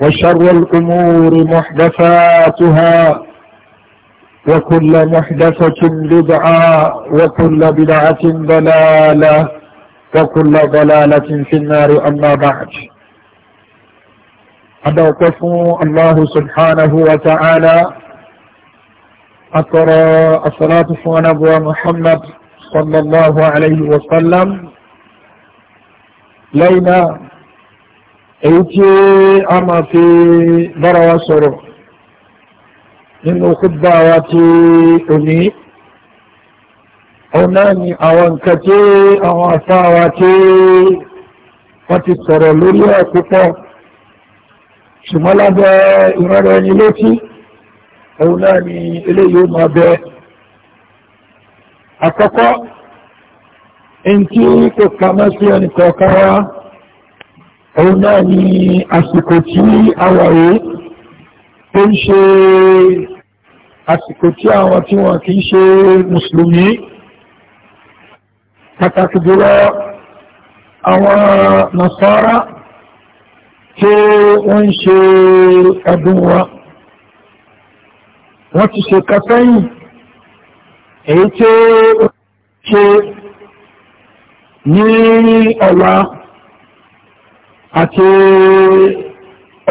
وشر الأمور محدثاتها وكل محدثة بدعة وكل بدعة ضلالة وكل ضلالة في النار أما بعد أدوقفوا الله سبحانه وتعالى أقرا الصلاة ونبوى محمد صلى الله عليه وسلم لينا èyí tí a máa fi bára wa sọ̀rọ̀ nínú kúgbà wa ti òní òun náà ni àwọn nǹkan tí àwọn afá wa tí wọ́n ti sọ̀rọ̀ lórí ẹ̀ púpọ̀ ṣùgbọ́n lábẹ́ ìrọ̀rọ̀ ẹni létí òun náà ni eléyìí ó máa bẹ àkọ́kọ́ ẹni tí kò kà mọ́ sí ẹnì kọ̀ọ̀kan wa òun náà ni àsìkò tí àwàrò tó ń ṣe àsìkò tí àwọn tí wọ́n kìí ṣe mùsùlùmí pàtàkì jùlọ àwọn nasara tí wọ́n ń ṣe ọdún wa wọ́n ti ṣe kásẹ́yìn èyí tí ó ṣe ní ọ̀la àti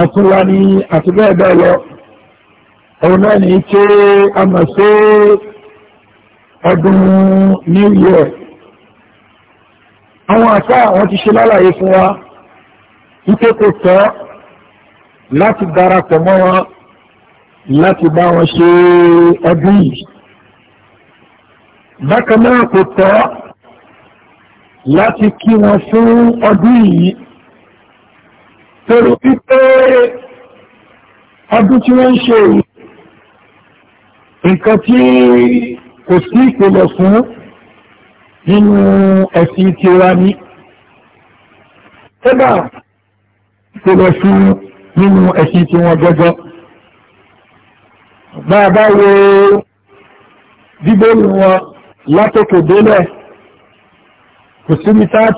ọ̀túnlá ní àti bẹ́ẹ̀ bẹ́ẹ̀ lọ òun náà ní tí a mọ̀ sí ọdún new year àwọn àṣà àwọn ti ṣe lálàyé fún wa wípé kò tọ́ láti darapọ̀ mọ́ wọn láti bá wọn ṣe ọdún yìí bákan náà kò tọ́ láti kí wọn fún ọdún yìí torí wípé ọdún tí wọ́n ń ṣe yìí nǹkan tí kò sí ìpìlẹ̀ fún nínú ẹ̀sìn tiwa ní kódà ìpìlẹ̀ fún nínú ẹ̀sìn tiwọn gẹ́gẹ́ bá a bá wo bíbélì wọn látòkè délẹ̀ kò sí mi táà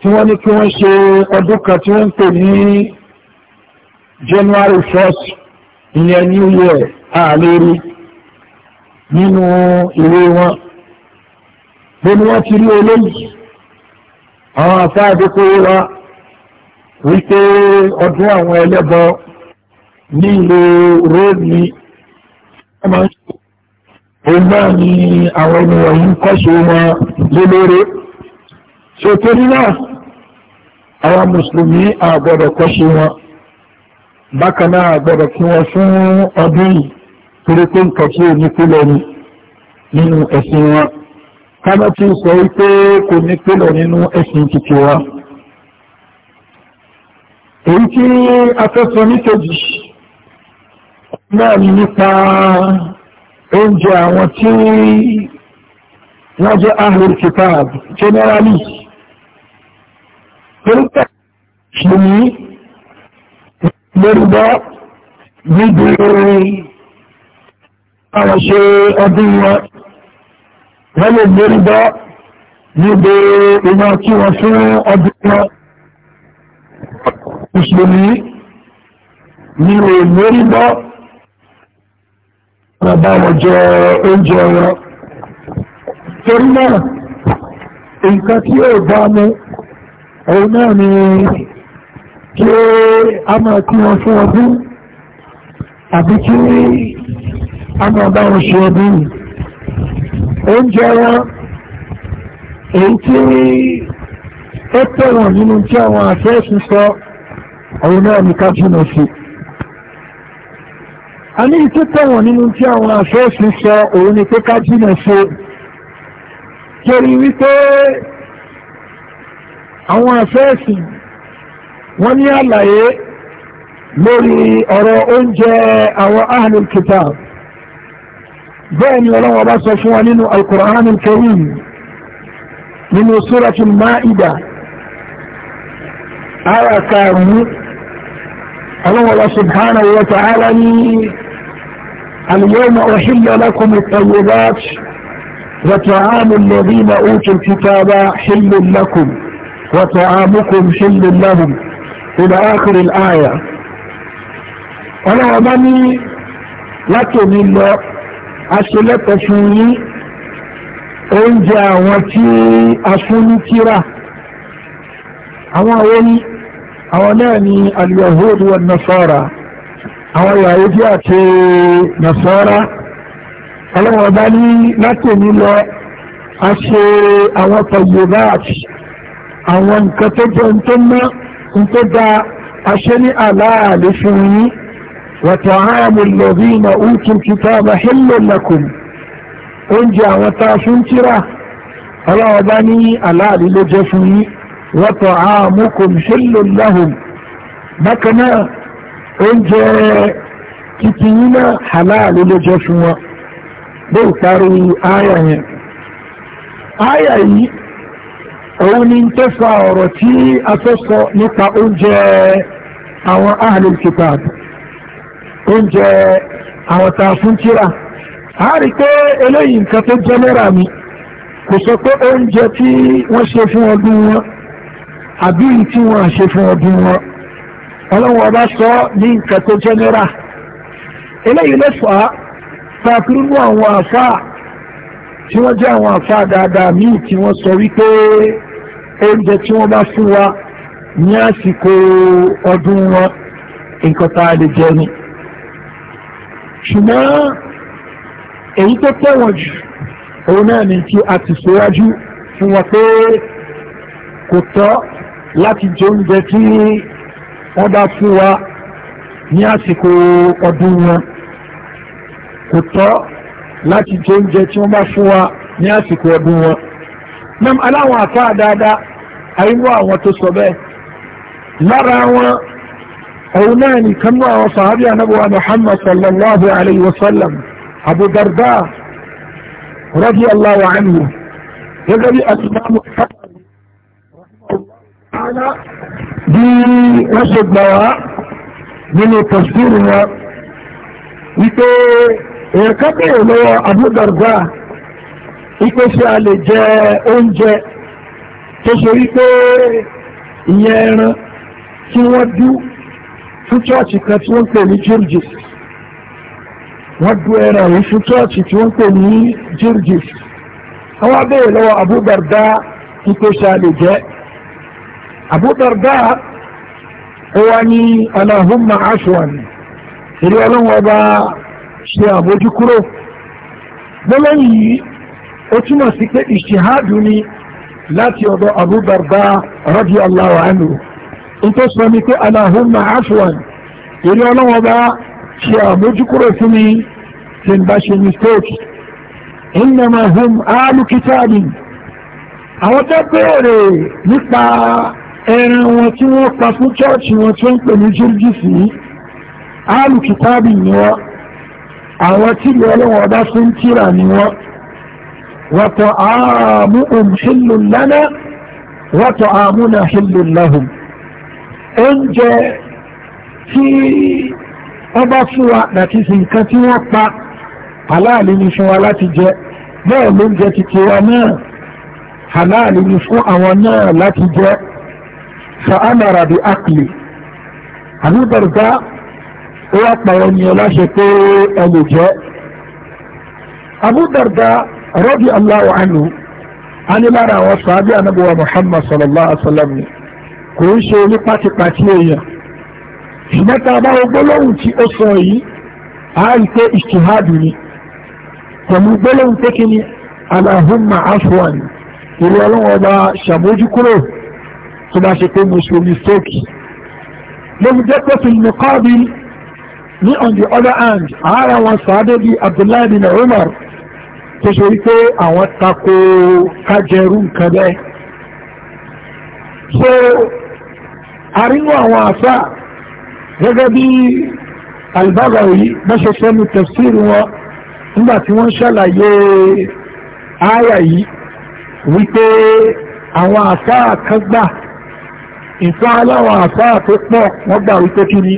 tí wọ́n ní kí wọ́n ṣe ọdún kan tí wọ́n ń pè ní January 1st ìyẹn New Year àlérí nínú ìwé wọn bó ni wọ́n ti rí eléyìí àwọn àfáàdé kó wá wípé ọdún àwọn ẹlẹ́bọ ní ìlú Rome ni wọ́n máa ń ṣe òun náà ni àwọn ènìyàn ń kọ́ṣe wọn lélórí so torí náà àwọn mùsùlùmí àgbọ̀dọ̀ kọ́ṣe wọn bákan náà àgbọ̀dọ̀ kí wọ́n fún ọdún yìí torí pé nǹkan tí ò ní pílọ̀ ni nínú ẹ̀sìn wọn kábà tí ń sọ wípé kò ní pílọ̀ nínú ẹ̀sìn títí wa èyí tí a fẹ́ náà ni nípa oúnjẹ àwọn tí wọ́n jẹ́ ahlul kitab generally torípẹ́ ṣe ní lórúbọ́ níbi àwọn ṣe ọdún wọn wọ́n lè lórúbọ́ níbi iná kí wọ́n fún ọdún wọn mùsùlùmí ní o lórúbọ́ bàbá wọn jẹ oúnjẹ wọn torí náà nǹkan tí yóò bá mú òun náà ni kí a máa kí wọn fún ọdún àbí kí a máa bá wọn ṣe ọdún oúnjẹ wọn èyí tí ó tẹ̀wọ̀n nínú tí àwọn àfẹ́sùn sọ òun náà ni ká jùlọ sí a ní ìtú tẹ̀wọ̀n nínú tí àwọn àfẹ́sùn sọ òun ni pé ká jùlọ sí torí wípé àwọn afẹ́ẹ̀sì wọ́n ní àlàyé lórí ọ̀rọ̀ oúnjẹ àwọn ahlul kitab bẹ́ẹ̀ ni ọlọ́wọ́ bá sọ fún wa nínú alkùránì karim nínú suratul ma'ida aya karùn-ún ọlọ́wọ́ bá subhanahu wa ta'ala ní lakum at-tayyibat wa وطعام الذين utul kitaba حل lakum وطعامكم حل لهم إلى آخر الآية ọlọ́wọ́ bá ní látòmí lọ aṣọlẹ́tọ̀ fún yín oúnjẹ àwọn tí a fún ní tíra àwọn àwọn ní àwọn náà ni al-yahud wa nasara àwọn yahudi àti nasara ọlọ́wọ́ bá ní látòmí lọ aṣọ àwọn tọ̀yẹ̀ àwọn nǹkan tó jẹ́ ń tó mọ́ ń tó da aṣẹ́ ní aláàlẹ́ fún yín وطعام الذين أوتوا الكتاب حل لكم oúnjẹ àwọn tá a fún tírà ọlọ́wọ́ bá ní aláàrí ló jẹ́ fún yín wa ta'amukum hillun lahum bákan náà oúnjẹ títí yín náà aláàrí ló jẹ́ fún wọn bó parí áyà yẹn áyà yìí òun ni ń tó fa ọ̀rọ̀ tí a fẹ́ sọ nípa oúnjẹ àwọn ahlul kitab oúnjẹ àwọn tá a fún tíra a rí pé eléyìí nǹkan tó jẹ́ lẹ́ra mi kò sọ pé oúnjẹ tí wọ́n ṣe fún ọdún wọn àbí èyí tí wọ́n àṣe fún ọdún wọn ọlọ́run ọba sọ ní nǹkan tó jẹ́ eléyìí ló fà á takirú àwọn àfáà tí wọ́n jẹ́ àwọn àfáà dáadáa míì tí wọ́n sọ wípé oúnjẹ tí wọ́n bá fún wa ní àsìkò ọdún wọn nǹkan tá a lè jẹ ni ṣùgbọ́n èyí tó tẹ̀wọ̀n jù òun náà ni tí a ti ṣèwájú fún wọn pé kò tọ́ láti jẹ oúnjẹ tí wọ́n bá fún wa ní àsìkò ọdún wọn kò tọ́ láti jẹ oúnjẹ tí wọ́n bá fún wa ní àsìkò ọdún wọn. nam aláwọn àfáà dáadáa àìwọ àwọn tó sọ bẹ́ẹ̀ lára wọn òun náà nìkan náà àwọn sàábì anábọ̀wá muhammad sallallahu alayhi wa sallam abu darda radiyallahu anhu gẹ́gẹ́ bí alimami bí wọ́n ṣe gbà wá nínú tafsir wọn wípé èèkà bẹ́ẹ̀ lọ́wọ́ abu darda wípé ṣé a lè jẹ oúnjẹ tó ṣe wípé ìyẹn ẹran tí wọ́n dú fún chọ́ọ̀chì kan tí wọ́n ń pè ní jirgis wọ́n dú ẹran yìí fún chọ́ọ̀chì tí wọ́n pè ní jirgis àwọn abẹ́rẹ́ lọ́wọ́ Abu Darda wípé ṣé a lè jẹ Abu Darda ó ní Allahumma afwan ìrí ọlọ́wọ́ ṣe àbójúkúrò lọ́lọ́yìn yìí ó túmọ̀ sí pé ìṣìhádùn ni láti ọ̀dọ̀ Abu Darda radiyallahu anhu in tó sọ ní pé Allahumma afwan ilé ọlọ́wọ́ bá ṣe àmójúkúrò fún mi tí n bá ṣe mistake innama hum ahlu kitabi àwọn tó béèrè nípa ẹran wọn tí wọ́n pa fún chọ́ọ̀chì wọn tí wọ́n pè ní jírígìsì ahlu ni wọ́n àwọn tí ilé ọlọ́wọ́ bá fún tíra ni wọ́n وطعامهم حل لنا وطعامنا حل لهم oúnjẹ tí wọ́n bá fún wa láti fi nǹkan tí wọ́n pa aláàlì ni fún wa láti jẹ bẹ́ẹ̀ lóúnjẹ títí wa náà aláàlì ni fún àwọn náà láti jẹ fa'amara bi akli àbúbẹ̀rẹ̀dá ó wá pàrọ̀ ní ọláṣẹ pé ẹlò jẹ́ àbúbẹ̀rẹ̀dá rọ́bì aláwọ̀ àánú a ní lára àwọn sàábì anábọ̀wà muhammad sallallahu alaihi wasallam ni kò ń ṣe ní pátipàti èèyàn ṣùgbọ́n tá a bá gbólóhùn tí ó sọ yìí a rí pé ìṣèhádù ni pẹ̀lú gbólóhùn pé kí ni aláhùnmá afuwan ìlú ọlọ́wọ́ bá ṣàmójúkúrò tó bá ṣe pé mo ṣe mistake jẹ́ pé fi nìkọ́ bí ní on the other hand ààrẹ wọn sàádé bíi abdullahi bin umar tó ṣe wípé àwọn tako kájẹrú nǹkan bẹ́ẹ̀ so arínú àwọn àfà gẹ́gẹ́ bí Al-Baghawi bẹ́ṣe sẹ́nu tafsir wọn nígbà tí wọ́n ṣàlàyé àyà yìí wípé àwọn àfà kan gbà ìfẹ́ aláwọn àfà tó pọ̀ wọ́n gbà wípé kí ni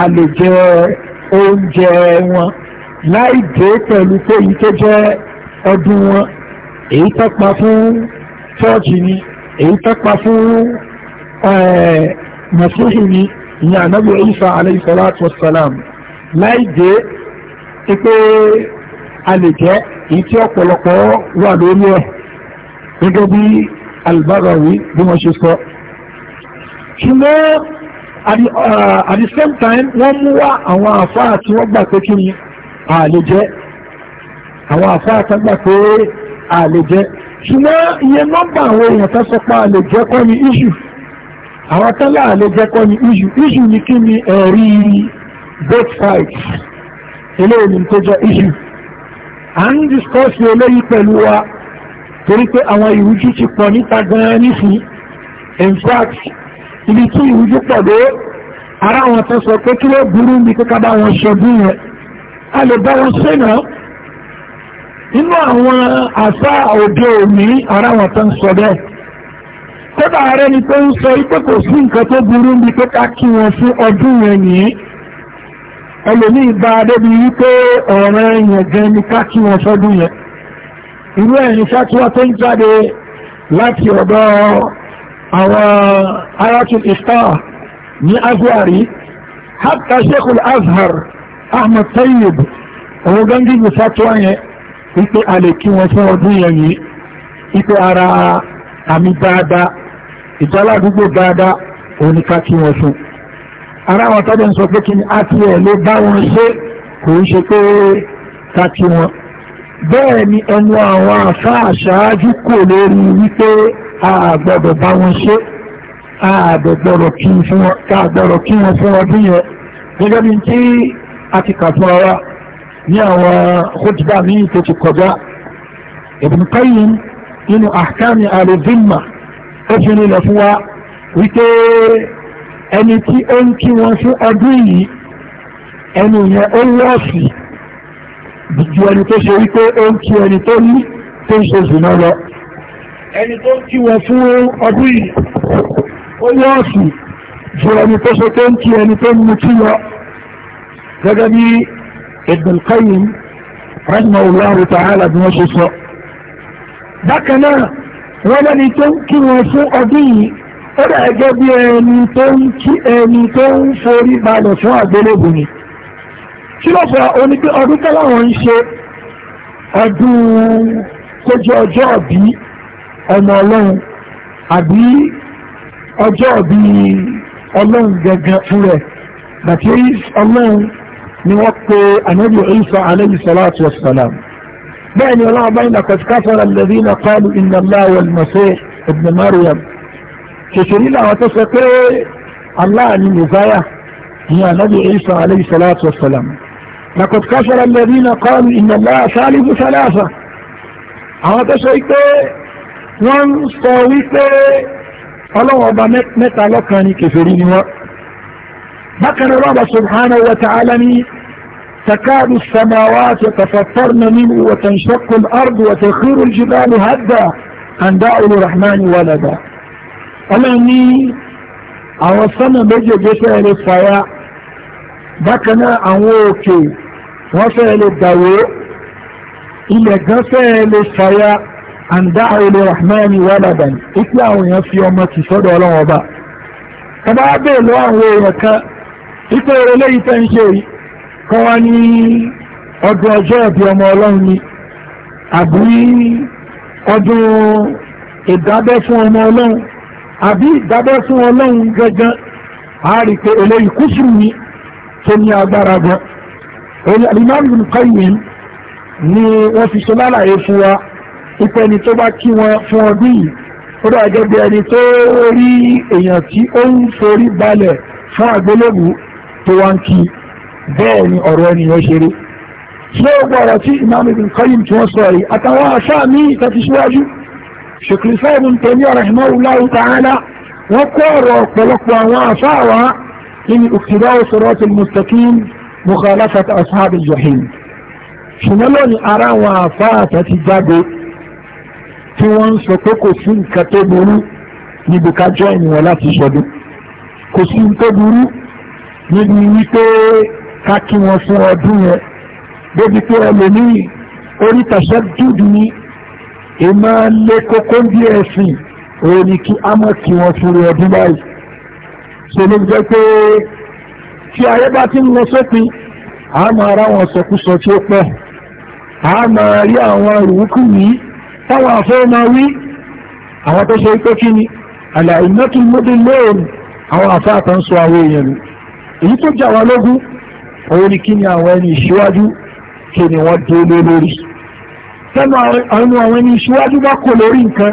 a jẹ oúnjẹ wọn láì jẹ́ pẹ̀lú pé èyí tó jẹ́ ọdún wọn èyí tọ́pa fún chọ́ọ̀chì ni èyí tọ́pa fún mọ̀síhì ni ìyẹn ànábì Ìsá alayhi salatu wassalam láì jẹ́ pé a lè jẹ́ èyí tí ọ̀pọ̀lọpọ̀ wà lórí ẹ̀ gẹ́gẹ́ bí Al-Baghawi bí wọ́n ṣe sọ ṣùgbọ́n at the same time wọ́n mú wá àwọn àfáà tí wọ́n gbà pé kí ni àlè jẹ́ àwọn àfáà kan gbà pé àlè jẹ́ ṣùgbọ́n iye nọ́mbà àwọn èèyàn tó sọ pé àlè jẹ́ kọ́ ni iṣu àwọn tẹ́lẹ̀ àlè jẹ́ kọ́ ni iṣu iṣu ni kí ni ẹ̀rí both sides eléyìí ni tó jẹ́ iṣu à ń discuss eléyìí pẹ̀lú wa torí pé àwọn ìrújú ti pọ̀ níta gan-an nísìnyí in fact ibi tí ìrújú pọ̀ dé ara wọn tó sọ pé kí ló burú bí kíkà bá wọn ṣọdún yẹn a lè bá wọn ṣe náà inú àwọn àṣà òde òní ara wọn tó ń sọ bẹ́ẹ̀ kódà ààrẹ ni tó ń sọ ipò kò sí nǹkan tó burú bí pé ká kí wọn fún ọdún yẹn nìyí ẹlòmíì bá débi wípé ọ̀rọ̀ yẹn gan ni ká kí wọn fọdún yẹn irú ẹ̀yìn fatuwa tó ń jáde láti ọ̀dọ̀ àwọn ayatul iftar ní azuari hatta azhar ahmed tayyib òun gángígù sátúwá yẹn wípé a lè kí wọn fún ọdún yẹn yìí wípé ara àmì dáadáa ìjáládúgbò dáadáa òun kí wọn fún ara àwọn tọ́jú ń sọ pé kí ni a ti ẹ̀ lè bá wọn ṣe kò ń ṣe pé ká kí wọn bẹ́ẹ̀ ni ẹnu àwọn àfá àṣáájú kò lórí wípé àgbọ̀dọ̀ bá wọn ṣe àgbọ̀dọ̀ kí wọn fún ọdún yẹn gẹ́gẹ́ bí tí àti kàfún ara ní àwọn khutba míì tó ti kọjá Ibn Qayyim nínú ahkami alozimma ó fi nílẹ̀ fún wa wípé ẹni tí ó ń kí wọn fún ọdún yìí ẹni yẹn ó lọ́ọ̀sì ju ẹni tó ṣe wípé ó ń kí ẹni tó ní tó ń ṣe zùnà lọ ẹni tó ń kí wọn fún ọdún yìí ó lọ́ọ̀sì ju ẹni tó ṣe tó ń kí ẹni tó ń mutí lọ gẹ́gẹ́ bí Ibn Qayyim rahimahullahu ta'ala bí wọ́n ṣe sọ. bákan náà wọ́n lẹ́ni tó ń kí wọn fún ọdún yìí ó dà gẹ́gẹ́ bí ẹni tó ń kí ẹni tó ń forí balẹ̀ fún àgbélébù ni. kí ló fọ onígbé ọdún tẹ́láwọn ń ṣe ọdún kójú ọjọ́ ọ̀bí ọmọ ọlọ́run àbí ọjọ́ ọ̀bí ọlọ́run gẹ́gẹ́ fún rẹ̀ that ọlọ́run ni wọ́n pe ànábì Ìsá alayhi salatu wassalam bẹ́ẹ̀ ni ọlọ́run báyìí laqad kafara alladhina qalu inna Allaha wal-masih ibn Maryam kèkèrí làwọn tó sọ pé Allah ni mùsáyà ni ànábì Ìsá alayhi salatu wassalam laqad kafara alladhina qalu inna Allaha thalithu thalatha àwọn tó sọ pé wọ́n sọ wípé ọlọ́run mẹ́ta lọ́kan ni kèfèrí ni wọ́n مكن رب سبحانه وتعالى تكاد السماوات يتفطرن منه وتنشق الارض وتخير الجبال هدا ان دعوا الرحمن ولدا أما أني أوصنا جسال الصياء بكنا أموكي وصل الدواء إلى جسال الصياء ان دعوا الرحمن ولدا إ ت ل ا ه وباء كما ابي الله ويك ipò ìrẹ̀lẹ̀ ìfẹ́ ń ṣe kọ́ wá ní ọdún ọjọ́ ẹ̀bí ọmọ ọlọ́run ni àbí ọdún ìdábẹ́ fún ọmọ ọlọ́run àbí ìdábẹ́ fún ọlọ́run gangan a rí pé eléyìí kúsù ni tó ní agbára gan Imam Ibn ni wọ́n fi ṣe lálàyé fún wa ìpẹni tó bá kí wọn fún ọdún yìí ó dà bí ẹni tó rí èèyàn tí ó ń forí balẹ̀ fún àgbélébùú tó wá ń kí bẹ́ẹ̀ ni ọ̀rọ̀ ènìyàn ṣeré ṣé ó gbọ́rọ̀ tí Imam Ibn Qayyim tí wọ́n sọ yìí àtàwọn àṣà mi ìtàfi síwájú Shaykhul Islam Ibn Taymiyyah rahimahullahu ta'ala wọ́n kó ọ̀rọ̀ ọ̀pọ̀lọpọ̀ àwọn àṣà wa nínú iqtida'u siratil mustaqim mukhalafat láti ṣọdún kò sí nǹkan tó burú níbi wípé ká kí wọn fún ọdún yẹn débi pé ẹlòmíì orí dúdú ní ìmọ̀ lé kókó ń bí ẹ̀sìn òun ni kí á mọ̀ kí wọn fún ọdún báyìí ṣe ló jẹ́ pé tí ayé bá ti ń lọ sópin a máa ra wọn sọkúsọ tí ó pọ̀ a máa rí àwọn ìwúkú yìí táwọn àfẹ́ máa wí àwọn tó ṣe pé kí ni àlàyé mẹ́tùmọ́dé lóòrùn àwọn àfẹ́ àtàǹsọ àwọn èèyàn nù èyí tó jà wá lógún òun ni kí ni àwọn ẹni ìṣíwájú kí ni wọ́n dé lé lórí tẹnu àwọn ẹni ìṣíwájú bá kò lórí nǹkan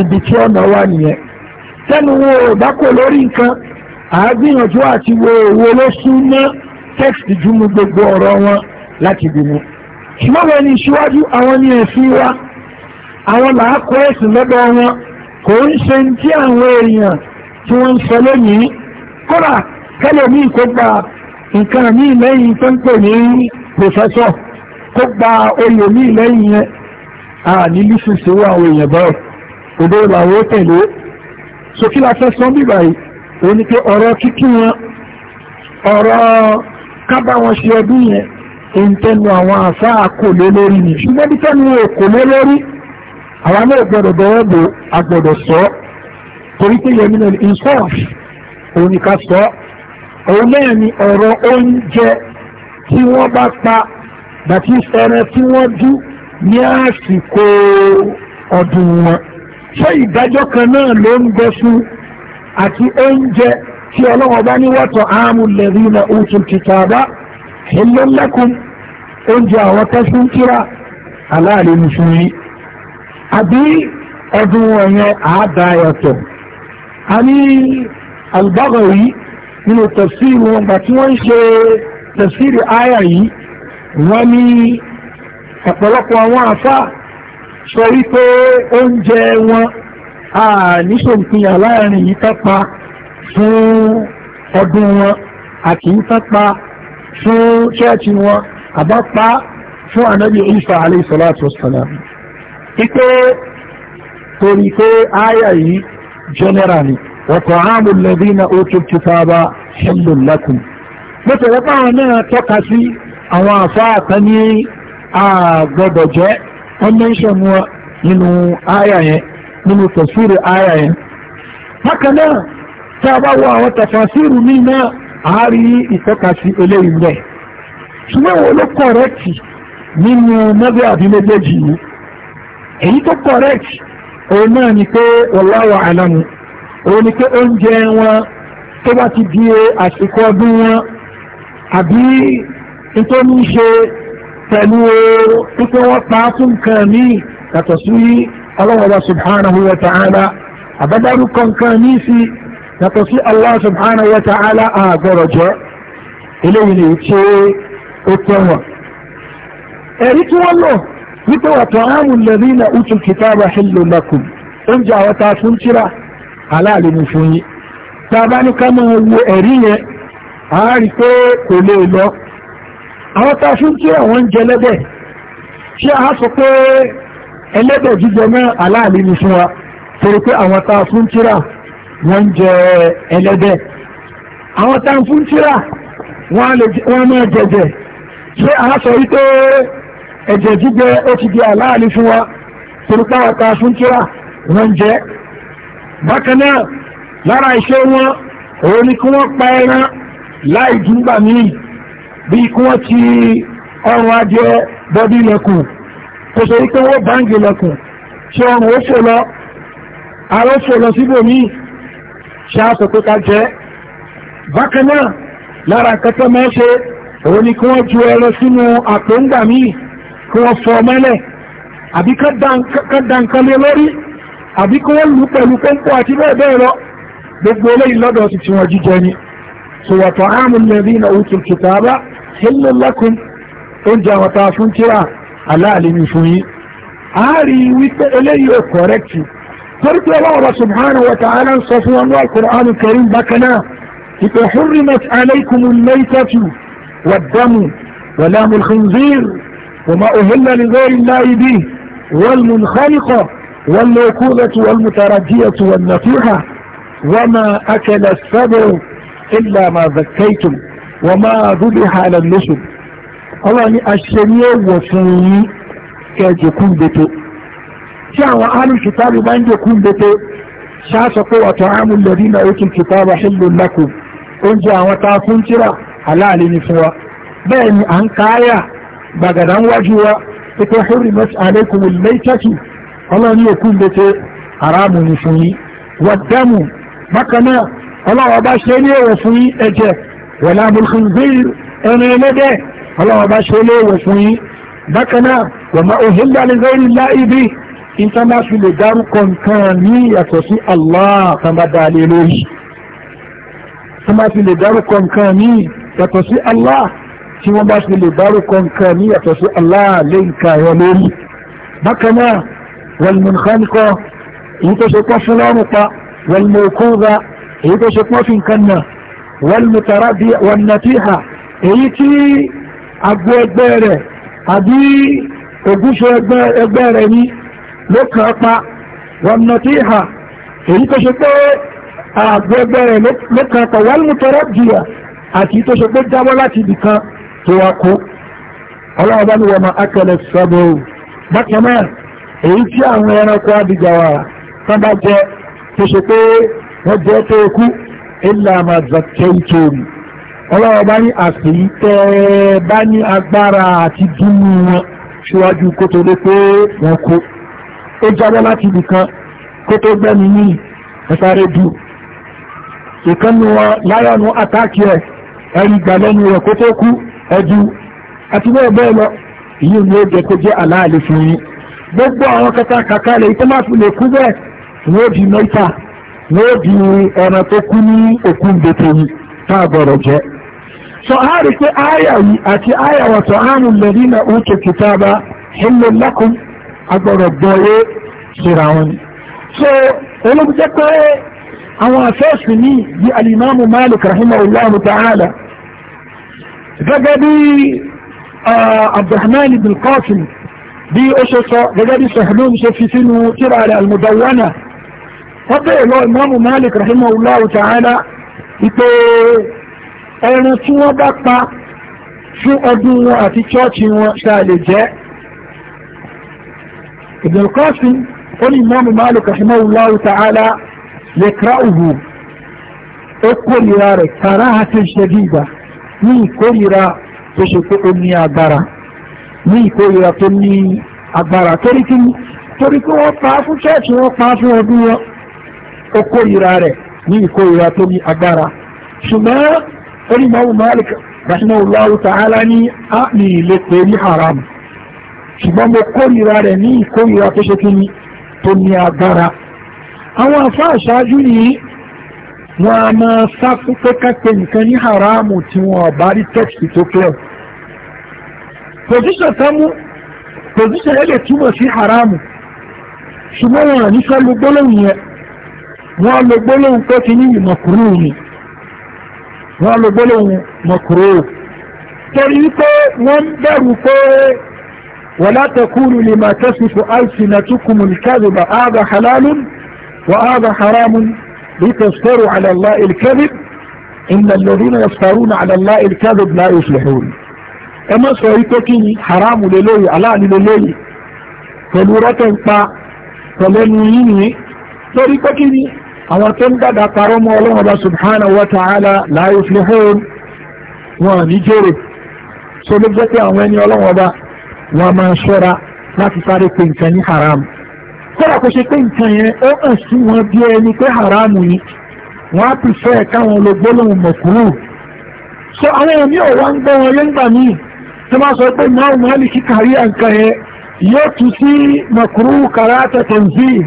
ibi tí ọ̀nà wà nìyẹn tẹnu wo ò bá kò lórí nǹkan àágbìyànjú àti wo òwò ló sún tẹ́kìtì júmú gbogbo ọ̀rọ̀ wọn láti bímú ṣùgbọ́n àwọn ẹni ìṣíwájú àwọn ni ẹ̀sìn wa àwọn làákọ́ ẹ̀sìn lọ́dọ̀ wọn kò ń ṣe tí àwọn èèyàn tí wọ́n ń sọ lónìí kódà kẹ́lẹ̀ ní kó gba nǹkan ní lẹ́yìn tó ń pè ní pòfẹ́sọ̀ kó gba oyè lẹ́yìn yẹn a ní lísù sí wà àwọn èèyàn báyìí òdó làwọn ó tẹ̀lé sókí la fẹ́ sọ́n bíbà yìí ó ní pé ọ̀rọ̀ kíkí wọn ọ̀rọ̀ kábà wọn ṣe ọdún yẹn ń tẹnu àwọn àṣà àkòlé lórí ni ṣùgbọ́n bí tẹ́nu òkòlé lórí àwọn náà gbọ́dọ̀ bẹ̀rẹ̀ bò agbọ́dọ̀ sọ torí pé yẹmí náà ní ìsọ́ọ̀f òun ni ká sọ òun náà ni ọ̀rọ̀ oúnjẹ tí wọ́n bá pa bàtí ẹran tí wọ́n dú ní àsìkò ọdún wọn ṣé ìdájọ́ kan náà ló ń bẹ fún àti oúnjẹ tí ọlọ́wọ́ bá ní wọ́tọ̀ áàmù lẹ́rí na oṣù kìtàbá ìlọ́lẹ́kùn oúnjẹ àwọn tẹ́sùn kíra aláàrẹ mùsùlùmí àbí ọdún wọ̀nyẹn àádáyàtọ̀ a ní albagawi nínú tafsiri wọn gbà tí wọ́n ń ṣe tafsiri àyà yìí wọ́n ní ọ̀pọ̀lọpọ̀ àwọn afá sọ wípé oúnjẹ wọn a níṣòǹpinyà láàrin yìí tápa fún ọdún wọn àti yìí tápa fún ṣẹ́ẹ̀tì wọn àbápa fún ànábì Ìsá alayhi salatu wassalam wípé torí pé àyà yìí generally wọ̀tọ̀háàmù lẹ́bínà ó tó ti fàbá ṣẹ́lùn lẹ́kùn. bó tẹ̀lé báwọn náà tọ́ka sí àwọn àfáà kan ní àgbọ̀dọ̀ jẹ́ ọmọọ̀ṣọ́nù nínú àyà yẹn nínú tafsiri àyà yẹn. bákan náà tá a bá wọ àwọn tafasiru mí náà àárí ìtọ́ka sí eléyìí rẹ̀. ṣùgbọ́n wo ló kọ̀rẹ́kì nínú mọ́bí àbílẹ́gbẹ́jì yìí? èyí tó kọ̀rẹ́kì òun náà ni pé wallahu alamu òun ni pé oúnjẹ wọn tó bá ti di àsìkò ọdún wọn àbí tó ní ṣe pẹ̀lú pípẹ́ wọn pa fún nǹkan míì yàtọ̀ sí ọlọ́wọ́ba subhanahu wa ta'ala àbádárúkọ nǹkan míì sí yàtọ̀ sí Allah subhanahu wa ta'ala àgọ́rọ̀ jẹ́ eléyìí ni ìṣe ó tẹ̀wọ̀n ẹ̀rí tí wọ́n lọ wípé wàtọ̀ ààrùn lẹ́rìnà utul kitaba hillu lakum oúnjẹ àwọn ta fún tíra aláàlè ní fún yín tá a bá ní ká máa wo ẹ̀rí yẹn a rí pé kò lè lọ àwọn tá a fi ń kí àwọn oúnjẹ lẹ́dẹ̀ ṣé a sọ pé ẹlẹ́dẹ̀ jíjẹ náà aláàlè ní fún wa torí pé àwọn tá a fún tíra wọ́n ń jẹ ẹlẹ́dẹ̀ àwọn tá a fún tíra wọ́n máa jẹjẹ ṣé a sọ wípé ẹ̀jẹ̀ jíjẹ ó ti di aláàlè fún wa torí pé àwọn tá a fún tíra wọ́n ń jẹ bákan náà lára iṣẹ́ wọn òun ni kí wọ́n pa ẹran láì dúgbà míì bí kí wọ́n ti ọrùn ajẹ bọ́dí lẹ́kùn kò sọ wípé wọ́n báńgì lẹ́kùn ṣe ọrùn ó fò lọ ara ó fò lọ síbòmíì ṣe á pé ká jẹ́ bákan lára kẹtẹ́ máa ṣe òun ni kí wọ́n ju ẹran sínú àpòǹgbà míì kí wọ́n fọ mẹ́lẹ̀ àbí ká dá nǹkan lé lórí àbí kó wọ́n lù pẹ̀lú pẹ́ńpọ́ àti bẹ́ẹ̀ bẹ́ẹ̀ lọ gbogbo eléyìí lọ́dọ̀ ti tiwọn jíjẹ ni sòwàtọ̀ àmì lẹ́bí na ó tún kìtàbá hílẹ̀ lẹ́kùn oúnjẹ àwọn tá a fún kíra aláàlẹ́ mi fún yín a rí wípé eléyìí ò kọ̀rẹ́kì torí pé ọlọ́run ọba subhanahu wa ta'ala ń sọ fún wọn ní al-Qur'an al-Karim bákan náà ìpè hurrimat alaykum al-maytatu wad-damu wa lahmu al-khinzir wa ma uhilla li ghayri Allahi bihi wal-munkhaliqah و ا ل م و ك و ل ة و ا ل م ت ر ج ي ة و ا ل ن ص ي ح ة وما أ ك ل السبع إ ل ا ما زكيتم وما ذبح على النسب الله ي أ ش ر ي ه وفي كاد يكون ب ت ه شاهد اهل الكتاب ما ان يكون ب ت ه شاهد قوى طعام الذين اوتوا الكتاب حل لكم انجا وتعفون ترى على ا ل ن ف و ى بين انقايا بغدا وجوا ت ح ر م ت عليكم الميته ọlọ́run ní òkú lè ṣe haramu ní fún yín wàdámù bákan náà ọlọ́run bá ṣe ní èèwọ̀ fún yín ẹ̀jẹ̀ wọ̀lá bulkhinzir ẹni ẹlẹ́dẹ̀ ọlọ́run bá ṣe ní èèwọ̀ fún yín bákan náà wọ̀mọ̀ òhìnlá lè zẹ́rì láìbí international lè dárúkọ nǹkan ní yàtọ̀ sí Allah kan bá dá lé lórí tí wọ́n bá ti lè dárúkọ nǹkan ní yàtọ̀ sí Allah tí wọ́n bá ti lè dárúkọ nǹkan ní yàtọ̀ sí Allah lè nǹkan ẹ̀yọ lórí bákan náà والمنخلقة يتشتنا في الأمطة والموكوبة يتشتنا في الكنة والمتردية والنتيحة يتي أبو أكبر أبي أبوش أكبر أمي يعني لك أطع والنتيحة يتشتنا أبو أكبر لك أطع والمتردية أتي تشتنا جمالاتي بك تواقو الله أبان وما أكل السبو ما èyí tí àwọn ẹranko abìjàwà tán bá jẹ tó ṣe pé wọ́n jẹ́ tó kú ilẹ̀ àmàzàkẹ́ ìtòrì ọlọ́wọ́ bá ní àṣìyí tẹ́ bá ní agbára àti dúnú wọn síwájú kó tó lé pé wọ́n kó ó jábọ́ láti ibìkan kó tó gbẹ́mi ní ẹ̀sáré dù ìkànnì wọn láyọ̀nù àtàkì ẹ̀ ẹ̀rí gbàlẹ́nu rẹ̀ kó tó kú ẹ̀dù àti bẹ́ẹ̀ bẹ́ẹ̀ lọ ìyí ni ó jẹ́ kó jẹ́ aláàlè fún yín gbogbo àwọn kẹta kàkà lè tó máa fi lè kú bẹ́ẹ̀ ní ó di mẹ́ta ní ó di ẹran tó kú ní òkú gbètò yìí tá a bọ̀rọ̀ jẹ́ so a rí pé àyà yìí àti àyà wàtọ̀ àánú lẹ́rí na ó tó kìtàbà hello lakum agbọ̀rọ̀ gbọ́yé síra wọn so olóbi jẹ́ pé àwọn afẹ́sì ní bí alimamu malik rahimahullahu ta'ala gẹ́gẹ́ bí abdulrahman ibn qasim bí ó ṣe sọ gẹ́gẹ́ bí sahlun ṣe fi sínú tírà rẹ̀ almudawana wọ́n bẹ̀rẹ̀ lọ imamu malik rahimahullahu ta'ala ìpè ẹran tí wọ́n bá pa fún ọdún wọn àti chọ́ọ̀chì wọn ṣáà lè jẹ́ Ibn al-Qasim ó ní imamu malik rahimahullahu ta'ala yakra'uhu ó kórìíra rẹ̀ kàrá àti ṣẹ́gígbà ní ìkórìíra tó ṣe pé ó ní agbára ní ìkórira tó ní agbára torí kí ni torí kí wọ́n pa fún ṣọ́ọ̀ṣì wọ́n pa fún ọdún wọn ó kórira rẹ̀ ní ìkórira tó ní agbára ṣùgbọ́n onímọ̀wò Malik rahimahullahu ta'ala ní àmì ilé pé ní haram ṣùgbọ́n mo kórira rẹ̀ ní ìkórira tó ṣe kí ni tó ní agbára àwọn afá àṣáájú yìí wọ́n a máa sá fún pé kápẹ́ nìkan ní haramu tí wọ́n bá rí tẹ́kìtì tó fẹ́ràn position kan position ẹlẹ̀ túmọ̀ sí haramu ṣùgbọ́n wọn ní sọ lo gbólóhùn yẹn wọ́n lo gbólóhùn tó ti ní ìmọ̀kúrú ni wọ́n lo gbólóhùn mọ̀kúrú torí wípé wọ́n bẹ̀rù pé ولا تقولوا لما تصف ألسنتكم الكذب هذا حلال وهذا حرام لتفتروا على الله الكذب إن الذين يفترون على الله الكذب لا يصلحون ẹ má sọ wípé kí ni haramu lè lóye aláàlú lè lóye pẹ̀lú rọ́tẹ̀ ń pa pẹ̀lẹ́nu yìí nìyí lórí pé kí ni àwọn tó ń dàgbà parọ́ mọ́ ọlọ́run ọba subhanahu wa ta'ala la yuflihun wọn ní jèrè so ló jẹ́ pé àwọn ẹni ọlọ́run ọba wọn máa ṣọ́ra láti sáré pé nǹkan ní haram kódà kò ṣe pé nǹkan yẹn ó hàn sí wọn bí ẹni pé haramu ni wọn á pèsè ẹ̀ káwọn lo gbólóhùn mọ̀kúrú so àwọn ẹ̀mí ọ̀wá ń gbọ́ wọn yẹn gbà míì tó bá sọ pé máa máàlì kí kàrí àǹkan yẹ yóò tù sí makuru karata tanzil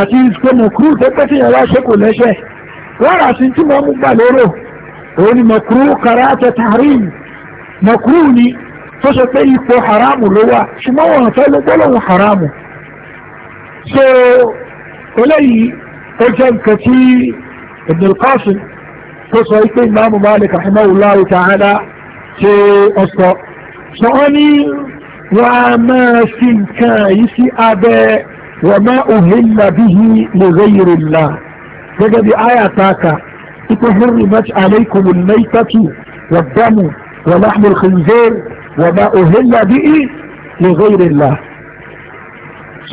àti ìsìnkú makuru tó pẹ́ sí yàrá ṣe kò lẹ́ṣẹ̀ rárá sí tí wọ́n mú gbà lérò òun ni makuru karata tahrim makuru ni tó ṣe pé ipò haramu ló wà ṣùgbọ́n wọn fẹ́ ló gbọ́lọ́hùn haramu so eléyìí ó jẹ́ nǹkan tí Ibn al-Qasim tó sọ pé Imam Malik rahimahullah ta'ala ṣe ọ̀sọ̀ so wọ́n ní wọ́n a máa fi nǹkan yìí sí abẹ́ wọ́n máa uhilla bihi li ghayri Allah gẹ́gẹ́ bí àyà tààkà ipò hurrimat alaykum al-maytatu wad-damu wa lahmu al-khinzir wa ma uhilla bihi li ghayri Allah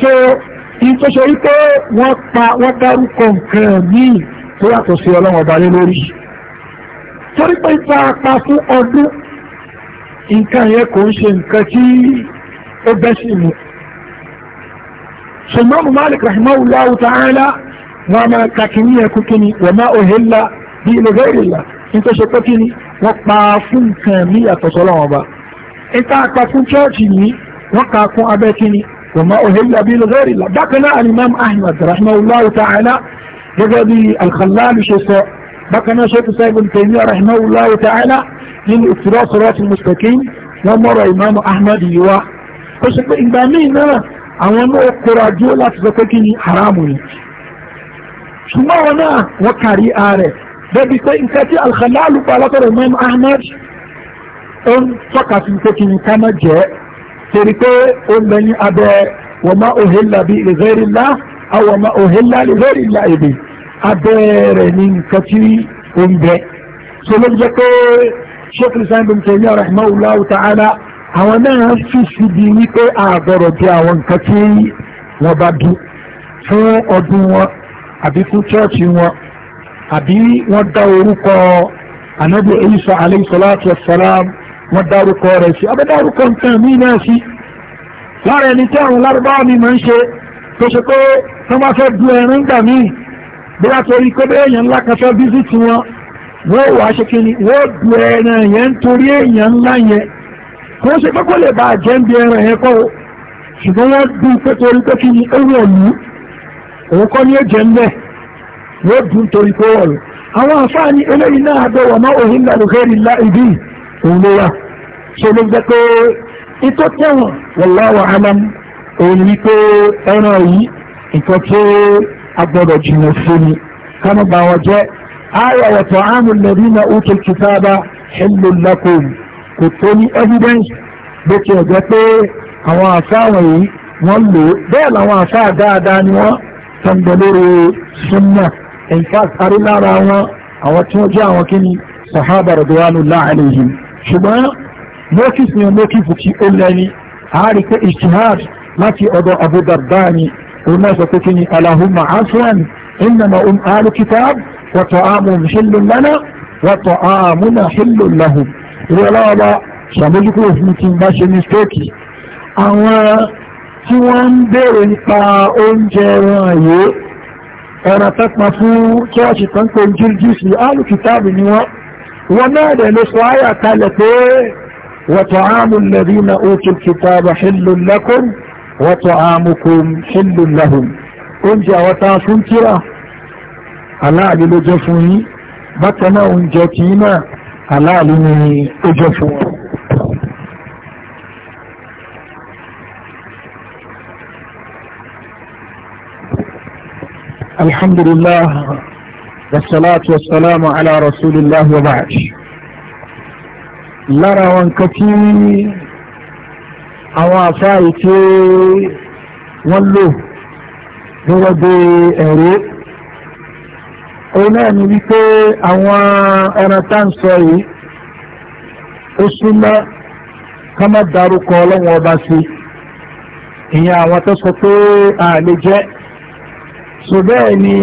so ìtọ́ṣe wípé wọ́n pa wọ́n dárúkọ nǹkan míì tó yàtọ̀ sí ọlọ́wọ̀n ọba lé lórí torí pé ìta pa fún ọdún ان كان يكون شيء كثير وبس يموت مالك رحمه الله تعالى وما كاكني يكوكني وما اهلا بي لغير الله انت شكوكني وقافون كامية صلوه با انت اقافون شاكني وقافون ابيكني وما اهلا بي لغير الله بقنا الامام احمد رحمه الله تعالى بغضي الخلال شسو بقنا شكو سيد ابن رحمه الله تعالى nínú ìfúrọ́ sọ̀rọ̀ ti mùsùlùmí wọ́n mọ́rọ̀ ìmáàmù Ahmad yìí wá ó ṣe pé ìgbà míì náà àwọn ọmọ òkúra dúró láti sọ pé kí ni haramu ni ṣùgbọ́n àwọn náà wọ́n kárí ààrẹ débi pé nǹkan tí alhalalu sheikh islam bin taymiya rahimahullahu ta'ala àwọn náà fi síbi wípé àgọ́rọ̀ bí àwọn nǹkan tí wọ́n bá dún fún ọdún wọn àbí fún chọ́ọ̀chì wọn àbí wọ́n dá orúkọ anabi isa alayhi salatu wa salam wọ́n dárúkọ rẹ̀ sí abẹ́dárúkọ nǹkan mí náà sí lára ẹni tí àwọn lárúbáwá mi máa ń ṣe tó ṣe pé wọ́n máa fẹ́ du ẹran gbà míì bí wọ́n torí pé bẹ́ẹ̀ yẹn ńlá kan fẹ́ bísí tiwọn wọ́n wà ṣe kí ni wọ́n du ẹran yẹn nítorí èèyàn ńlá yẹn kò ṣe pé lè bá jẹ́ ń bí ẹran yẹn kọ́ o ṣùgbọ́n wọ́n du pé torí pé kí ni ó wọ̀ lù ú òun kọ́ ni ó ńlẹ̀ wọ́n pé wọ̀ lù àwọn àfáàní eléyìí náà alam òun ni pé ẹran yìí nǹkan tó agbọ́dọ̀ jìnnà آية وطعام الذين أوتوا الكتاب حل لكم كتوني أفيدنس بكي جاتي أواسا وي ولو دال أواسا دا دانوا تندلوري سنة إنفاس أرلا راوا أواتو جا وكني صحابة رضوان الله عليهم شبا موكس ني موكس في أولاني هاري كإجتهاد ما في أدو أبو درداني وما ستكني اللهم عفوا إنما أم آل كتاب وطعامهم حل لنا وطعامنا حل لهم رلالا سمجكو فمتن باشي مستوكي اوا تيوان بيرن تا اونجي انا تاكما فو تاشي تنكو انجل جيسي آلو كتاب نيوا وما ده نسو آية وطعام الذين اوتوا الكتاب حل لكم وطعامكم حل لهم انجا وطعام كيرا aláàlú ló jẹ́ fún yín bákan náà oúnjẹ tí yín náà aláàlú ni ó jẹ́ fún wọn. الحمد لله والصلاة والسلام على رسول الله وبعد lára wọn kan tí àwọn àfáà tí wọ́n lò lọ́wọ́ bí ẹ̀rọ òun náà ni wípé àwọn ẹran tá ń sọ yìí ó súnmọ́ ká má dárúkọ ọlọ́wọ́n ọba sí ìyẹn àwọn tó sọ pé àlè jẹ́ so bẹ́ẹ̀ ni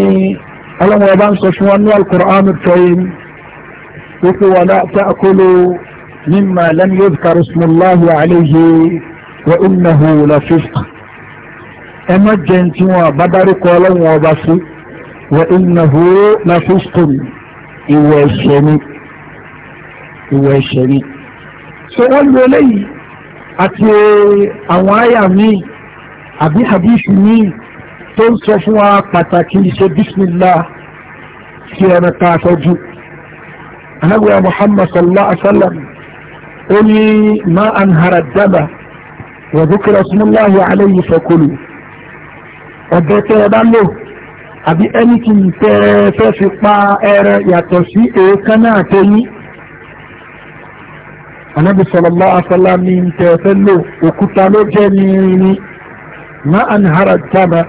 ọlọ́wọ́n ọba ń sọ fún wọn ní al-Qur'an al-Karim wípé wala ta'kulu mimma lam yudhkar ismullahi alayhi wa innahu la fisq ẹ má jẹun tí wọn bá dárúkọ ọlọ́wọ́n ọba sí wa innahu lafisqun ìwà ẹ̀ṣẹ̀ ni ìwà ẹ̀ṣẹ̀ ni so wọ́n lo eléyìí àti àwọn àyà míì àbí hadith míì tó ń sọ fún wa pàtàkì iṣẹ́ bismillah sí ẹran ká tọ́jú anáwẹ̀ muhammad sallallahu alaihi wasallam ó ní ma an hara dábà wa dhukira ismullahi alayhi fakulu ọ̀bẹ tẹ́ ẹ bá lò àbí ẹni tí ìfẹ́ fẹ́ fi pa ẹrẹ yàtọ̀ sí èékánná àtẹyìn anabi sallallahu alaihi wasallam ní tẹ̀fẹ́ lò òkúta ló jẹ́ ní ní ma an hara taba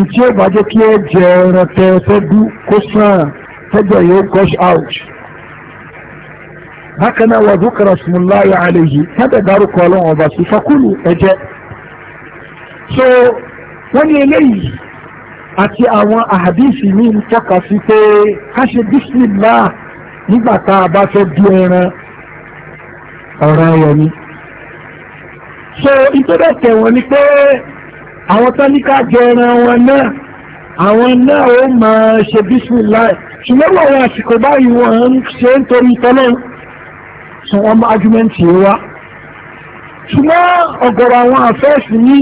ntí ó bá jẹ́ kí ẹ jẹ ẹran tẹ̀fẹ́ dú kó sàn tẹ́jọ yóò gush out bákan náà wà dúkàrà sùmùláyà àlejì tábẹ̀ dárúkọ ọlọ́run ọba sí fakúlù ẹ̀jẹ̀ so wọ́n ní eléyìí àti àwọn àhàdíìsì mi ń tọ́ka sí pé ká ṣe bísímìlá nígbà tá a bá fẹ́ bí ẹran ọ̀ràn ẹ̀yọ ni. so ìtọ́jọ́ tẹ̀wọ̀n ni pé àwọn tánìkà jẹ ẹran wọn náà àwọn náà ó máa ṣe bísímìlá ṣùgbọ́n àwọn àsìkò báyìí wọ́n ń ṣe ń torí tọ́lọ́ sọ wọn bá ájúmẹ́ǹtì wa ṣùgbọ́n ọ̀gọ̀rọ̀ àwọn àfẹ́ẹ̀sì ní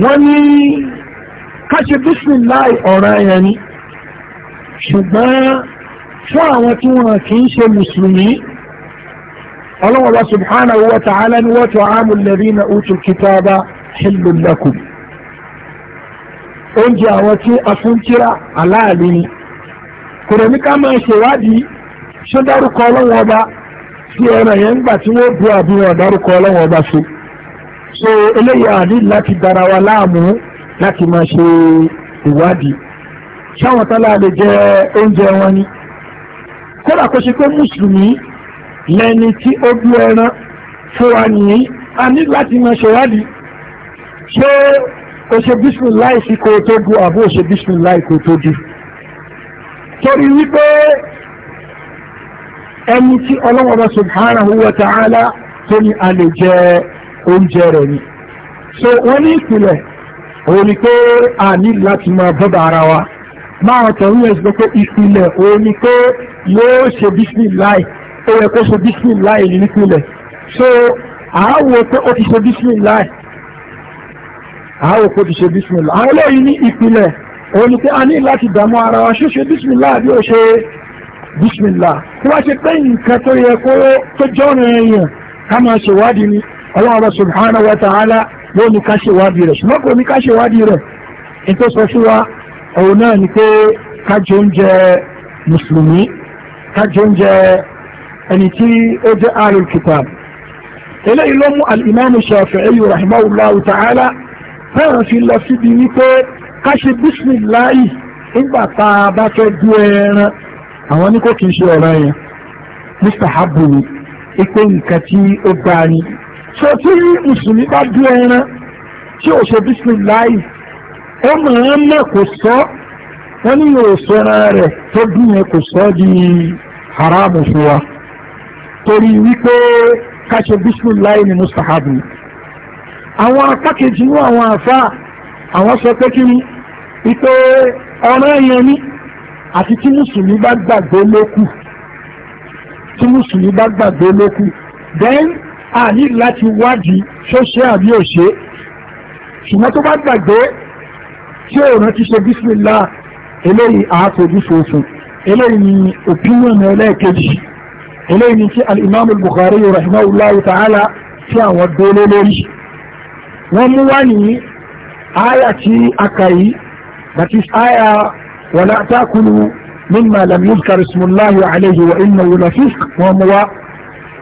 wọ́n ní káṣe bísmìláì ọ̀ràn ẹ̀yàn ni ṣùgbọ́n fún àwọn tí wọ́n kì í ṣe mùsùlùmí ọlọ́wọ́ba subhanahu wa ta'ala ni wọ́n tó àmú lẹ́rí na utul kitaba hillul lakum oúnjẹ àwọn tí a fún tíra aláàlú ni kòrò ní ká máa ṣèwádìí ṣé dárúkọ ọlọ́wọ́ba sí ẹran yẹn gbà tí wọ́n bu àbúrò dárúkọ ọlọ́wọ́ba sí so eléyìí àdí láti dára láàmú láti máa ṣe ìwádìí ṣáwọn tálá lè jẹ oúnjẹ wọn ni kódà kó ṣe pé mùsùlùmí lẹni tí ó bí ẹran fún wa nìyí a ní láti máa ṣe ìwádìí ṣé o ṣe bísmìláì sí kó o tó du àbó o ṣe bísmìláì kó o tó du torí wípé ẹni tí ọlọ́wọ́ bá subhanahu wa ta'ala tó ní a lè jẹ oúnjẹ rẹ̀ ni so wọ́n ní ìpìlẹ̀ òun ni pé a ní láti máa bọ́bà ara wa máa tẹ̀wọ́n yẹn sọ pé ìpìlẹ̀ òun ni pé yóò ṣe bísíláì ó yẹ kó ṣe bísíláì nípìlẹ̀ so àáwò pé ó ti ṣe bísíláì àáwò pé ó ti ṣe bísíláì àwọn eléyìí ní ìpìlẹ̀ òun ni pé a ní láti dààmú ara wa ṣó ṣe bísíláì bí ó ṣe bísíláì tí wọ́n ṣe pé nǹkan tó yẹ kó tó jọ́rin ẹ̀yàn ká máa ṣèwádìí ni Allah subhanahu wa ta'ala wọ́n ní ká ṣèwádìí rẹ̀ ṣùgbọ́n kò ní ká ṣèwádìí rẹ̀ ní tó sọ sí wa òun náà ni pé ká jẹ oúnjẹ mùsùlùmí ká jẹ oúnjẹ ẹni tí ó jẹ́ àrùn kitab eléyìí ló mú al-Imam Shafi'i rahimahullahu ta'ala fẹ́ràn fi lọ síbi wípé ká ṣe bísímìláì nígbà tá a bá fẹ́ dú ẹran àwọn ní kò kì í ṣe ọ̀rọ̀ yẹn mustahabu ni ipe nǹkan tí ó gbá ni so tí mùsùlùmí bá dú ẹran tí ò ṣe bísíláì ó máa ń mọ̀ kò sọ wọ́n ní yóò sọ́ra rẹ̀ tó dùn yẹn kò sọ di haramu fún wa torí wípé ká ṣe bísíláì ní mustahabu àwọn apákejì ní àwọn àfa àwọn sọ pé kí ni wípé ọ̀ràn yẹn ni àti tí mùsùlùmí bá gbàgbé lókù tí mùsùlùmí bá gbàgbé lókù then a ní láti wádìí ṣó ṣe àbí ò ṣe ṣùgbọ́n tó bá gbàgbé tí òòrùn ti ṣe bísílá eléyìí àáfojú fòfin eléyìí ni opinion ẹlẹ́ẹ̀kejì eléyìí ni tí al-imam al-bukhari ta'ala tí àwọn dólé lórí wọ́n mú wá ní aya tí a that is aya wala ta'kulu mimma lam yuzkar ismullahi alayhi wa innahu lafiq wọ́n mú wá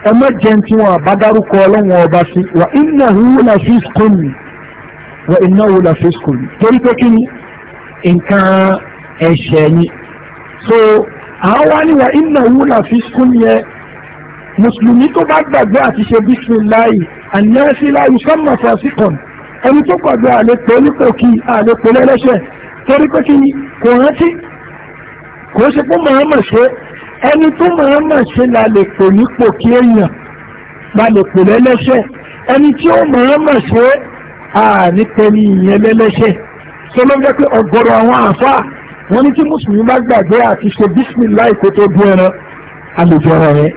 ẹ má jẹun tí wọn bá dárúkọ ọlọ́wọ́n ọba sí wà iná wúlà sí skul mi wà iná wúlà sí torí pé kí ni nǹkan ẹ̀ṣẹ̀ ni so àwa ni wà iná wúlà sí skul yẹn mùsùlùmí tó bá gbàgbé àti ṣe bísíláì àníyànsí láì sọ́mọ̀ fàṣíkọ̀n ẹni tó gbàgbé àlepò onípòkì àlepò lẹ́lẹ́ṣẹ̀ torí pé kí ni kò rántí kò ṣe fún mọ̀ọ́mọ̀ ṣe ẹni tó máa mà ṣe la lè pè nípò kí èèyàn la lè pè lẹ́lẹ́ṣẹ̀ ẹni tí ó máa mà ṣe ànípe ní ìyẹn lẹ́lẹ́ṣẹ̀ tó ló ń jẹ́ pé ọ̀gọ̀rọ̀ àwọn àfáà wọ́n ní tí mùsùlùmí bá gbàgbé àti ṣe bísímìláì kó tó dún ẹran àlejò ọ̀rọ̀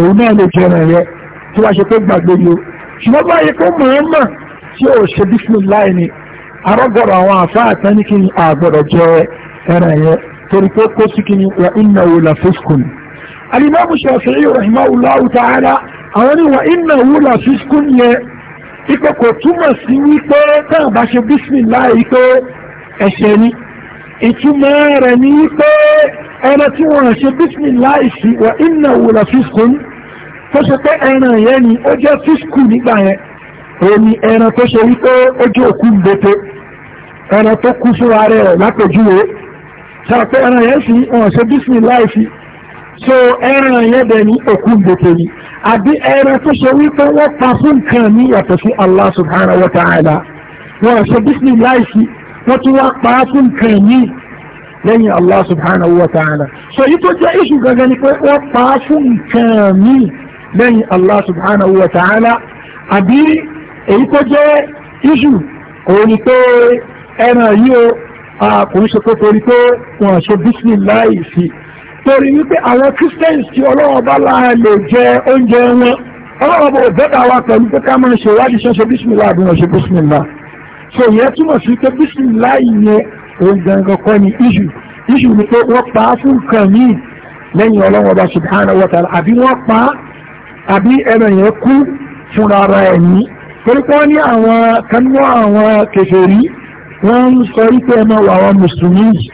òun náà lè jẹ ọ̀rọ̀ tí wàá ṣe pé gbàgbé ni o ṣùgbọ́n báyìí kó mọ̀ọ́mọ̀ tí ó ṣe bísímìláì ni arọ́gọ̀rọ̀ àwọn àfáà tán kí ni jẹ ẹran yẹn torí pé kó sí kíni wa innahu la fiskun alimami shafi'i rahimahullahu ta'ala àwọn ni wa innahu la fiskun yẹ ipe kò túmọ̀ sí wípé táwọn bá ṣe bismillah pé ẹ̀ṣẹ̀ ni ìtumọ̀ rẹ̀ ni pé ẹran tí wọ́n ṣe bismillah sí wa innahu la fiskun tó ṣe pé ẹran yẹn ni ó jẹ́ fiskun nígbà yẹn èmi ẹran tó ṣe wípé ó jẹ́ òkú ń bete ẹran tó kú fúnra rẹ̀ lápèjúwe tàpẹ́ ẹran yẹn sí ọ̀n ṣe bísí láìsí so ẹran yẹn dẹ̀ ní òkú gbòkè ni àbí ẹran tó ṣe wípé wọ́n pa fún nǹkan ní yàtọ̀ sí Allah subhanahu wa ta'ala wọ́n ṣe bísí láìsí wọ́n tún wá pa fún nǹkan ní lẹ́yìn Allah subhanahu wa ta'ala so yìí tó jẹ́ iṣu gangan ni pé wọ́n pa fún nǹkan ní lẹ́yìn Allah subhanahu wa ta'ala àbí èyí tó jẹ́ iṣu òun ni pé ẹran yìí o kò ń ṣe pé torí pé wọ́n ṣe bísí láì sí torí wípé àwọn christians tí ọlọ́wọ́ bá láà lè jẹ oúnjẹ wọn ọlọ́wọ́ bó bẹ́ta wa pẹ̀lú pé ká máa ṣe wádìí ṣe ṣe bísímìlá àbí wọ́n ṣe bísímìlá so ìyẹn túmọ̀ sí pé bísímìlá ìyẹn òun gangan kọ́ ni iṣu iṣu ni pé wọ́n pa á fún nǹkan míì lẹ́yìn ọlọ́wọ́ bá subhanahu wa ta'ala àbí wọ́n pa á àbí ẹran yẹn kú fúnra ara ẹ̀ ní torí pé wọ́n ní àwọn kanú àwọn kèfèrí wọ́n ń sọ wípé ẹ máa wà àwọn mùsùlùmí yìí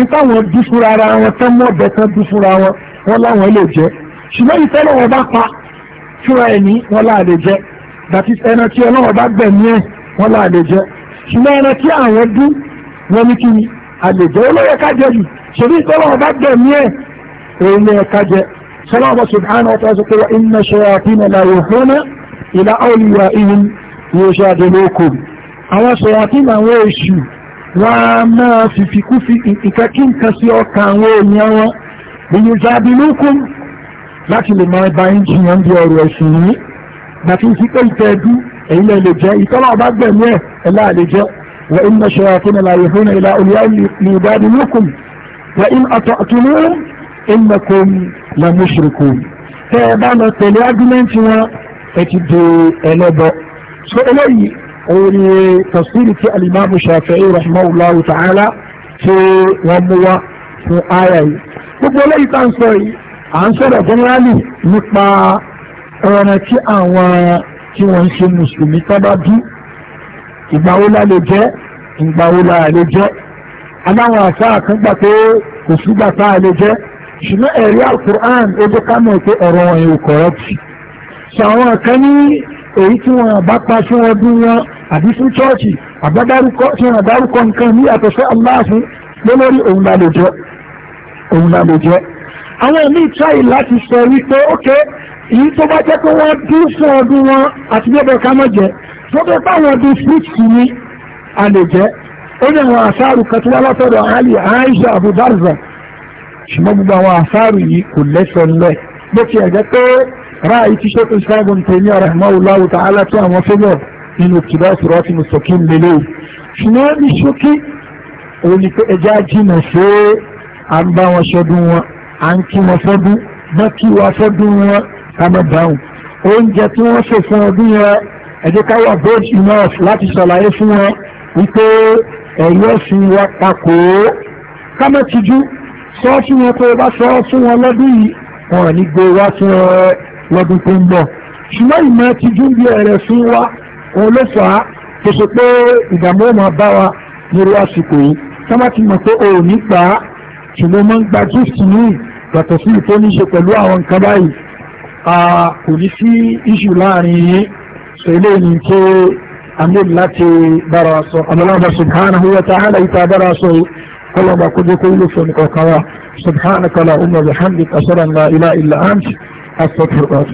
ìtàwọn dú fúnra ara wọn tán mọ́ ọ̀bẹ tán dú fúnra wọn wọn láwọn lè jẹ́ ṣùgbọ́n ìtẹ́lẹ̀ wọn bá pa fúnra ẹ̀ ní wọn láà lè jẹ́ dàtí ẹran tí ọlọ́wọ́ bá gbẹ̀mí ẹ̀ wọn láà lè jẹ́ ṣùgbọ́n ẹran tí àwọn dú wọn ní kí ni àlejò olóyè kájẹ yìí ṣèlú ìtẹ́lẹ̀ wọn bá gbẹ̀mí ẹ̀ òun ní ẹ̀ka jẹ sọlọ́wọ́ subhanahu wa ta'ala sọ pé inna shayatina la yuhuna ila awliya ihim yushadilukum àwọn ṣọ̀yàtínà àwọn èṣù wọ́n a máa fìfikú fi ìkẹ́kí nǹkan sí ọkà àwọn èèyàn wọn èyí zabilókùn láti lè máa bá ń jiyàn bí ọ̀rọ̀ ẹ̀sìn yìí nàfi sí pé ìtẹ́ẹ̀dú èyí lè lè jẹ́ ìtọ́lá ọba gbẹ̀mí ẹ̀ ẹ̀lá lè jẹ́ wọ́n ń ṣọ̀rọ̀ àfihàn láyé fún ilá olùyá ní ìdádilókùn wọ́n ń àtọ̀ àtúnúrún ìmọ̀kùn làmúṣirikùn tẹ́ ẹ bá lọ tẹ̀lé ágúmẹ́ntì wọn ẹ ti di ẹlẹ́bọ so eléyìí òun ni tafsiri tí alimami Shafi'i rahimahullahu ta'ala tí wọ́n mú wá fún àyà yìí gbogbo eléyìí tá ń sọ yìí à ń sọ̀rọ̀ generally nípa ẹran tí àwọn tí wọ́n ń ṣe mùsùlùmí tá bá bí ìgbà wo la lè jẹ ìgbà wo la lè jẹ aláwọn àṣà kan gbà kò sígbà tá a lè jẹ ṣùgbọ́n ẹ̀rí alukur'an ó ká mọ̀ pé ọ̀rọ̀ wọn yóò kọ̀rọ̀ tì sọ àwọn kan ní èyí tí wọ́n bá pa sí wọn bí wọ́n àbí fún chọ́ọ̀chì àbádárúkọ tí wọ́n dárúkọ nǹkan ní àtọ̀sẹ́ aláàfin lólórí òun la lè jẹ́ òun la lè jẹ́ àwọn ẹ̀mí ìtráì láti sọ wípé ókè èyí tó bá jẹ́ pé wọ́n dún fún ọdún wọn àti bẹ́ẹ̀ ká mọ̀ jẹ́ tó bẹ́ẹ̀ bá wọn dún fúrúùtù ní a lè jẹ́ ó ní àwọn àṣàrù kan wá látọ̀dọ̀ àhálì àìṣà àbúdárùzà ṣùgbọ́n gbogbo àwọn àṣàrù yìí kò lẹ́sọ̀ ńlẹ̀ bó ti ẹ̀ jẹ́ pé ráàyè tí ṣe tó ṣáàbùn tèmi ọ̀rẹ́ mọ́ tààlà tó àwọn fẹ́lẹ̀ nínú kìlá sirati mustaqim lélẹ̀ ṣùgbọ́n ní ṣókí òun ni pé ẹja jìnà ṣe é à ń bá wọn ṣọdún wọn à ń kí wọn fọdún má kí wọn fọdún wọn ká má dáhùn oúnjẹ tí wọ́n ṣe fún ọdún yẹn ẹjẹ́ ká wà bold enough láti ṣàlàyé fún wọn wípé ẹ̀yọ́ sin wa takò ó ká má tijú sọ fún wọn pé bá sọ fún wọn lọ́dún yìí wọn ò ní gbé wá fún ọ lọ́dún tó ń bọ̀ ṣùgbọ́n ìmọ̀ tijú bí ẹ̀rẹ̀ fún wa òun ló fà á tó ṣe pé ìdààmú ọmọ bá wa nírú àsìkò yìí sábà ti mọ̀ pé òun ní gbà á ṣùgbọ́n máa ń gba gift ní yàtọ̀ sí ìtó ní ṣe pẹ̀lú àwọn nǹkan báyìí kò ní sí iṣu láàrin yìí sọ ilé ní tó amíl láti bára sọ ọmọlọ́mọ subhanahu wa ta'ala ìta bára wa sọ kọlọ́mọ kójú kó ilé fún ọkàn wa subhanaka la umma bihamdik asalan la ilaha illa ant astaghfiruka